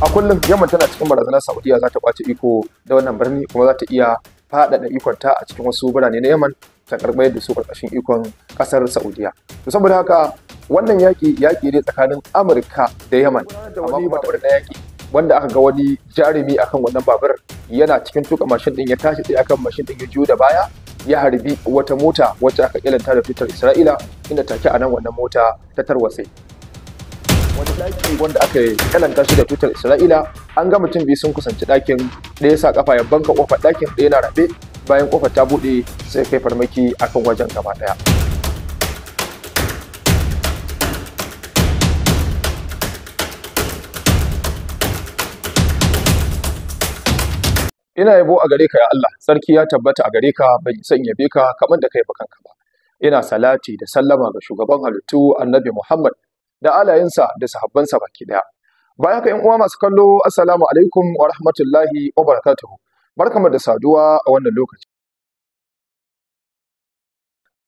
a kullum yamma tana cikin barazanar saudiya za ta kwace iko da wannan birni kuma za ta iya faɗaɗa ikonta a cikin wasu birane na yaman ta karɓar da su ƙarƙashin ikon ƙasar saudiya to saboda haka wannan yaƙi yaƙi ne tsakanin amurka da yaman amma kuma ta yaƙi wanda aka ga wani jarumi akan wannan babur yana cikin tuka mashin ɗin ya tashi tsaye akan mashin ɗin ya juyo da baya ya harbi wata mota wacce aka ilanta da fitar isra'ila inda take a nan wannan mota ta tarwatse wani ɗakin wanda aka kalanta shi da tutar isra'ila an ga mutum biyu sun kusanci ɗakin ɗaya sa kafa ya banka kofar ɗakin ɗaya na raɓe. bayan kofar ta buɗe sai kai farmaki akan wajen gaba ɗaya ina yabo a gare ka ya Allah sarki ya tabbata a gare ka bai san yabe ka kamar da kai ba kanka ba ina salati da sallama ga shugaban halittu annabi Muhammad da alayensa da sahabbansa baki daya bayan ka yan uwa masu kallo assalamu alaikum wa rahmatullahi wa barakatuhu barkamu da saduwa a wannan lokaci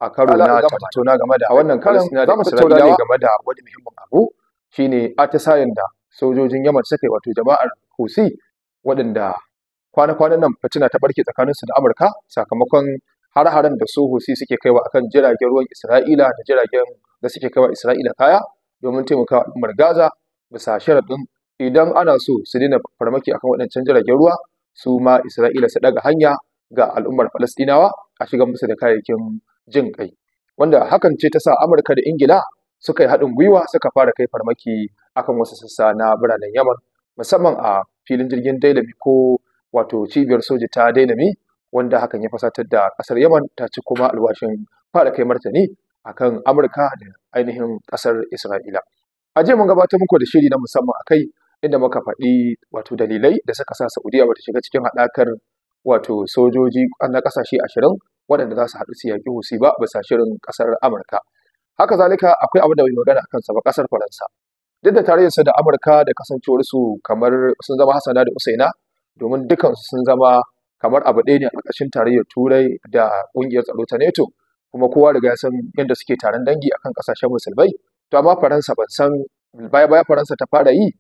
a karo na tattauna game da wannan karin za mu tattauna game da wani muhimmin abu shine atisayen da sojojin Yaman suka yi wato jama'ar Husi waɗanda kwana-kwanan nan fitina ta barke tsakaninsu da Amurka sakamakon har-haren da su Husi suke kaiwa akan jiragen ruwan Isra'ila da jiragen da suke kaiwa Isra'ila kaya domin taimakawa al'ummar Gaza bisa sharaɗin idan ana so su daina farmaki akan waɗancan jiragen ruwa su ma Isra'ila su ɗaga hanya ga al'ummar Falastinawa a shigar musu da kayayyakin jin kai wanda hakan ce ta sa Amurka da Ingila suka yi haɗin gwiwa suka fara kai farmaki akan wasu sassa na biranen Yaman musamman a filin jirgin Dailami ko wato cibiyar soja ta Dailami wanda hakan ya fasatar da ƙasar Yaman ta ci kuma alwashin fara kai martani akan Amurka da ainihin ƙasar Isra'ila. A jiya mun gabatar muku da shiri na musamman a kai inda muka faɗi wato dalilai da suka sa Saudiya bata shiga cikin haɗakar wato sojoji na ƙasashe ashirin waɗanda za su haɗu su yaƙi Husi ba bisa shirin ƙasar Amurka. Haka zalika akwai abin da bai magana akan sa ba ƙasar Faransa. Duk da tarayyarsu da Amurka da kasancewarsu kamar sun zama Hassana da Usaina domin dukansu sun zama kamar abu ɗaya ne a ƙarƙashin tarayyar Turai da ƙungiyar tsaro ta NATO. kuma kowa riga ya san yadda suke taron dangi akan kasashen musulmai to amma faransa ban san baya baya faransa ta fara yi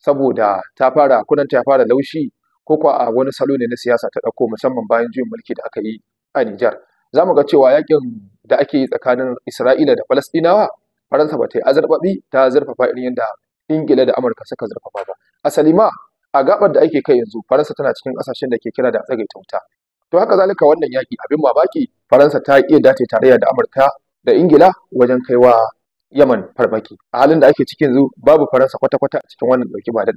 saboda ta fara kunanta ya fara laushi ko kuwa a wani salo ne na siyasa ta ɗauko musamman bayan juyin mulki da aka yi a Nijar. Za mu ga cewa yakin da ake yi tsakanin Isra'ila da Falastinawa Faransa ba ta yi azurbabi ta zurfafa irin yadda Ingila da Amurka suka zurfafa ba. Asali ma a gabar da ake kai yanzu Faransa tana cikin ƙasashen da ke kira da tsagaita wuta. To haka zalika wannan yaki abin mamaki Faransa ta iya dace tarayya da Amurka da Ingila wajen kai wa Yaman farmaki. A halin da ake cikin zu, babu Faransa kwata-kwata a cikin wannan dauki ba da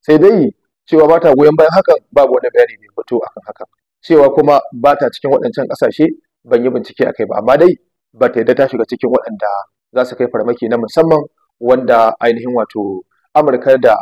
Sai dai cewa ba ta goyon bayan hakan babu wani bayani mai fito akan hakan. Cewa kuma ba ta cikin waɗancan ƙasashe ban yi bincike a kai ba amma dai ba ta yadda ta shiga cikin waɗanda za su kai farmaki na musamman wanda ainihin wato Amurka da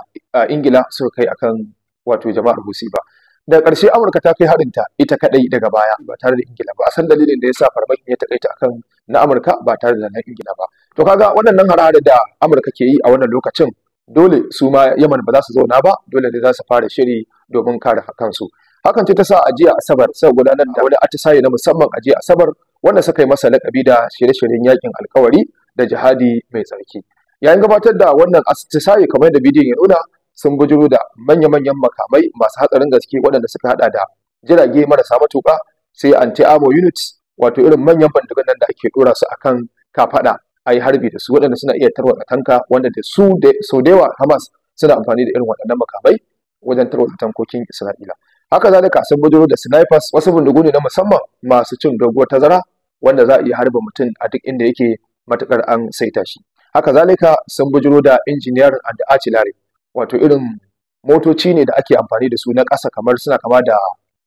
Ingila suka kai akan wato jama'ar Husi ba. Da ƙarshe amurka ta kai harinta ita kaɗai daga baya ba tare da ingila ba a san dalilin da ya sa farmakin ya taƙaita akan na amurka ba tare da na ingila ba to kaga waɗannan harare da amurka ke yi a wannan lokacin dole su ma yaman ba za su zauna ba dole ne za su fara shiri domin kare kansu hakan ce ta sa ajiya asabar sai gudanar da wani atisaye na musamman ajiya asabar wanda suka yi masa lakabi da shirye-shiryen yakin alkawari da jihadi mai tsarki yayin gabatar da wannan atisaye kamar da bidiyon ya nuna sun bujiro da manya-manyan makamai masu hatsarin gaske waɗanda suka hada da jirage marasa matuƙa sai anti amo units wato irin manyan bandugan nan da ake dora su akan kafada yi harbi da su waɗanda suna iya tarwatsa tanka wanda da su da sau da yawa Hamas suna amfani da irin waɗannan makamai wajen tarwatsa tankokin Isra'ila haka zalika sun bujiro da snipers wasu bindigu ne na musamman masu cin doguwar tazara wanda za a iya harba mutum a duk inda yake matukar an saita shi haka zalika sun bujiro da injiniyar and artillery wato irin motoci ne da ake amfani da su na ƙasa kamar suna kama da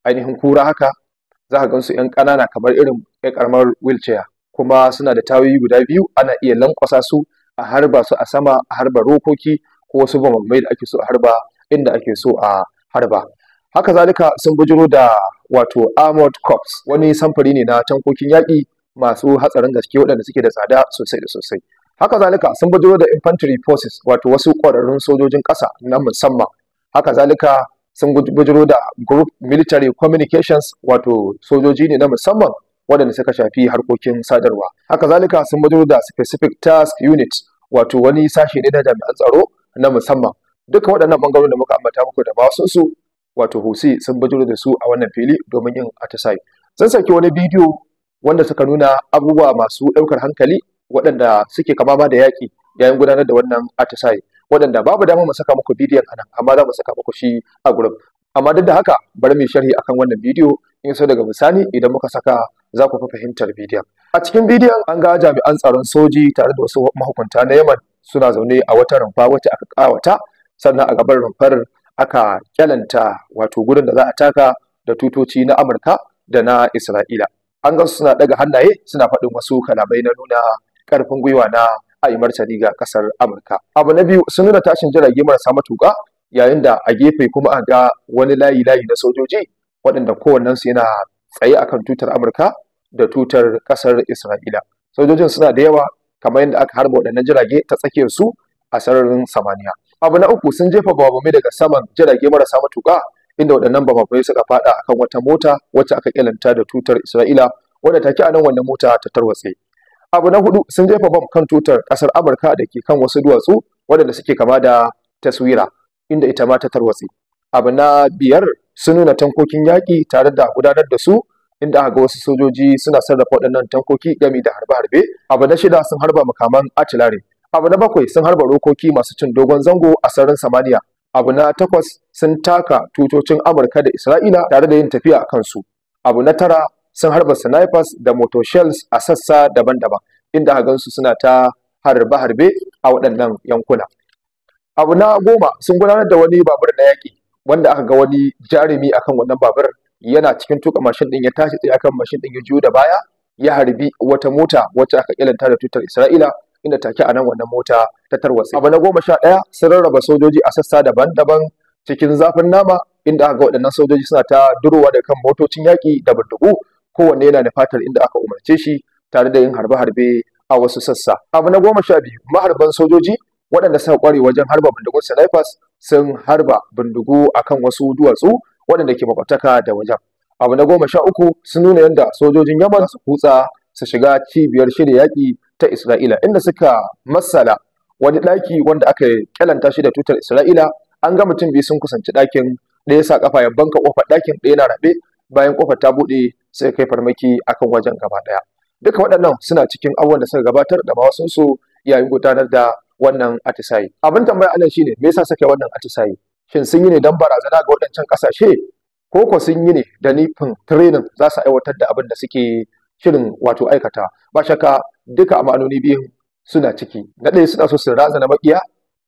ainihin kura haka za ka gansu 'yan ƙanana kamar irin 'yan ƙaramar wheelchair kuma suna da tawoyi guda biyu ana iya lankwasa su a harba su a sama a harba rokoki ko wasu bambamai da ake so a harba inda ake so a harba haka zalika sun bujiro da wato armored corps wani samfuri ne na tankokin yaƙi masu hatsarin gaske waɗanda suke da tsada sosai da sosai haka zalika sun bujiro da infantry forces wato wasu ƙwararrun sojojin ƙasa na musamman haka zalika sun bujiro da group military communications wato sojoji ne na musamman waɗanda suka shafi harkokin sadarwa haka zalika sun bujiro da specific task units wato wani sashe ne na jami'an tsaro na musamman duka waɗannan ɓangarorin da muka ambata muku da su wato hosi sun bujiro da su a wannan fili domin yin atisaye sun saki wani bidiyo wanda suka nuna abubuwa masu ɗaukar hankali waɗanda suke kama ma da yaƙi yayin gudanar da wannan atisaye waɗanda babu dama mu saka muku bidiyon anan amma za mu saka muku shi a gurin. amma duk da haka bari mu sharhi akan wannan bidiyo in so daga misali idan muka saka za ku fi fahimtar bidiyon a cikin bidiyon an ga jami'an tsaron soji tare da wasu mahukunta na Yaman suna zaune a wata rumfa wacce aka kawata sannan a gaban rumfar aka kyalanta wato gurin da za a taka da tutoci na Amurka da na Isra'ila an ga suna daga hannaye suna faɗin wasu kalamai na nuna karfin gwiwa na a'imar ga kasar Amurka. Abu na biyu sun nuna tashin jirage marasa matuka, yayin da a gefe kuma a ga wani layi layi na sojoji waɗanda kowannensu yana tsaye akan tutar Amurka da tutar kasar Isra'ila. Sojojin suna da yawa kamar yadda aka harba waɗannan jirage ta tsakiyar su a sararin samaniya. Abu na uku sun jefa babamai daga saman jirage marasa matuka, inda waɗannan babamai suka faɗa akan wata mota wacce aka kyalanta da tutar Isra'ila wadda take a nan wannan mota ta tarwatse. abu na hudu sun jefa bom kan tutar kasar amurka da ke kan wasu duwatsu waɗanda suke kama da taswira inda ita ma ta tarwatse abu na biyar sun nuna tankokin yaƙi tare da gudanar da su inda aka ga wasu sojoji suna sarrafa waɗannan tankoki gami da harbe-harbe abu na shida sun harba makaman atilare abu na bakwai sun harba rokoki masu cin dogon zango a sararin samaniya abu na takwas sun taka tutocin amurka da isra'ila tare da yin tafiya a kansu abu na tara sun harba snipers da shells a sassa daban-daban inda a gansu suna ta harbe-harbe a waɗannan yankuna abu na goma sun gudanar da wani babur na yaƙi wanda aka ga wani jarumi akan wannan babur yana cikin tuka mashin ɗin ya tashi tsaye akan mashin ɗin ya juyo da baya ya harbi wata mota wacce aka ƙilanta da tutar Isra'ila inda take a nan wannan mota ta tarwatsa Abu na goma sha ɗaya sun rarraba sojoji a sassa daban-daban cikin zafin nama inda aka ga waɗannan sojoji suna ta durowa da kan motocin yaƙi da bindigu kowanne yana da fatar inda aka umarce shi tare da yin harbe-harbe a wasu sassa abu na goma sha biyu maharban sojoji waɗanda suka ƙware wajen harba bindigun snipers sun harba bindigu a kan wasu duwatsu waɗanda ke makwataka da wajen abu na goma sha uku sun nuna yadda sojojin yaman su kutsa su shiga cibiyar shirya yaƙi ta isra'ila inda suka matsala wani ɗaki wanda aka kyalanta shi da tutar isra'ila an ga mutum biyu sun kusanci ɗakin ɗaya sa ƙafa ya banka ƙofar ɗakin ɗaya na raɓe bayan ƙofar ta buɗe sai kai farmaki akan wajen gaba ɗaya duka waɗannan suna cikin abubuwan da suka gabatar da ma su yayin gudanar da wannan atisayi abin tambaya allah shine me yasa suka wannan atisayi shin sun yi ne don barazana ga waɗancan ƙasashe ko ko sun yi ne da nufin training za su aiwatar da abin da suke shirin wato aikata ba shakka duka amanoni biyu suna ciki na ɗaya suna so su razana maƙiya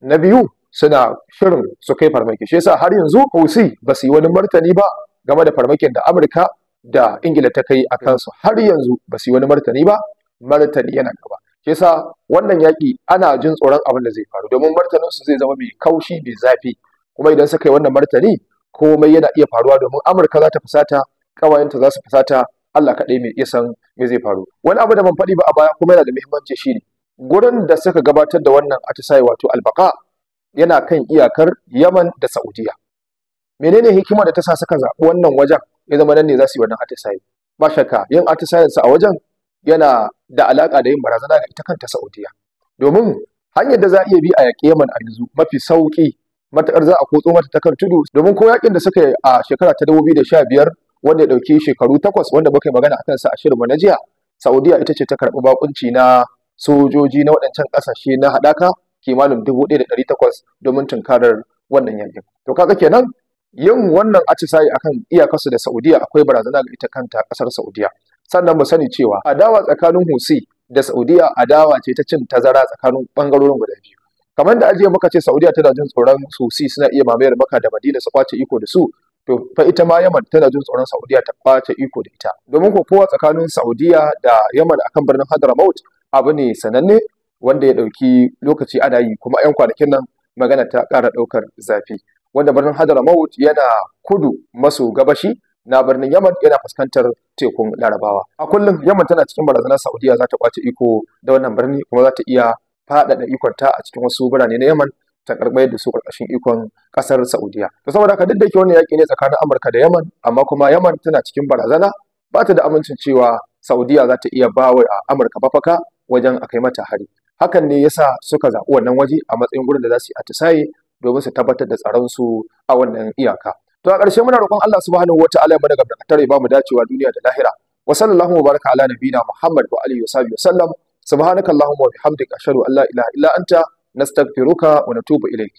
na biyu suna shirin su kai farmaki shi yasa har yanzu Hosi ba su yi wani martani ba game da farmakin da Amurka da ingila ta kai a kansu har yanzu ba su yi wani martani ba martani yana gaba shi yasa wannan yaƙi ana jin tsoron abin da zai faru domin martanin su zai zama mai kaushi mai zafi kuma idan suka yi wannan martani komai yana iya faruwa domin amurka za ta fusata ƙawayenta za su fusata Allah kaɗai mai isan me zai faru wani abu da ban faɗi ba a baya kuma yana da muhimmanci shine gurin da suka gabatar da wannan atisaye wato albaka yana kan iyakar Yaman da Saudiya menene hikima da ta sa suka zaɓi wannan wajen ya zama nan ne za su yi wannan atisaye ba shakka yin su a wajen yana da alaƙa da yin barazana ga ita kanta Saudiya domin hanyar da za a iya bi a yaƙi Yaman a yanzu mafi sauƙi matakar za a kotso mata ta kan tudu domin ko yaƙin da suka yi a shekara ta dubu biyu da sha biyar wanda ya ɗauki shekaru takwas wanda muka yi magana a kansa a shirinmu na jiya Saudiyya ita ce ta karɓi bakunci na sojoji na waɗancan ƙasashe na haɗaka kimanin dubu ɗaya da ɗari takwas domin tunkarar wannan yankin to kaga kenan yin wannan atisayi akan iyakarsu da Saudiya akwai barazana ga ita kanta kasar Saudiya sannan mu sani cewa adawa tsakanin Husi da Saudiya adawa ce ta cin tazara tsakanin bangarorin guda biyu kamar da ajiye muka ce Saudiya tana jin tsoron Husi suna iya mamayar Makka da Madina su kwace iko da su to fa ita ma Yaman tana jin tsoron Saudiya ta kwace iko da ita domin ko kowa tsakanin Saudiya da Yaman akan birnin Hadramaut abu ne sananne wanda ya dauki lokaci ana yi kuma 'yan kwanakin nan magana ta kara ɗaukar zafi wanda birnin Hadramaut yana kudu maso gabashi na birnin Yaman yana fuskantar tekun Larabawa. A kullum Yaman tana cikin barazanar Saudiya za ta kwace iko da wannan birni kuma za ta iya faɗaɗa ikonta a cikin wasu birane na Yaman ta karɓar da su ƙarƙashin ikon ƙasar Saudiya. To saboda haka duk da yake wannan yaƙi ne tsakanin Amurka da Yaman amma kuma Yaman tana cikin barazana ba ta da amincin cewa Saudiya za ta iya bawa Amurka bafaka wajen a kai mata hari. Hakan ne yasa suka zaɓi wannan waje a matsayin wurin da za su yi atisaye domin su tabbatar da tsaron su a wannan iyaka to a ƙarshe muna roƙon Allah subhanahu wataala ya mana gabatar ya ba mu dacewa duniya da lahira wa sallallahu wa baraka ala nabiyina muhammad wa alihi wa sahbihi sallam subhanakallahumma wa bihamdika ashhadu an la ilaha illa anta nastaghfiruka wa natubu ilayk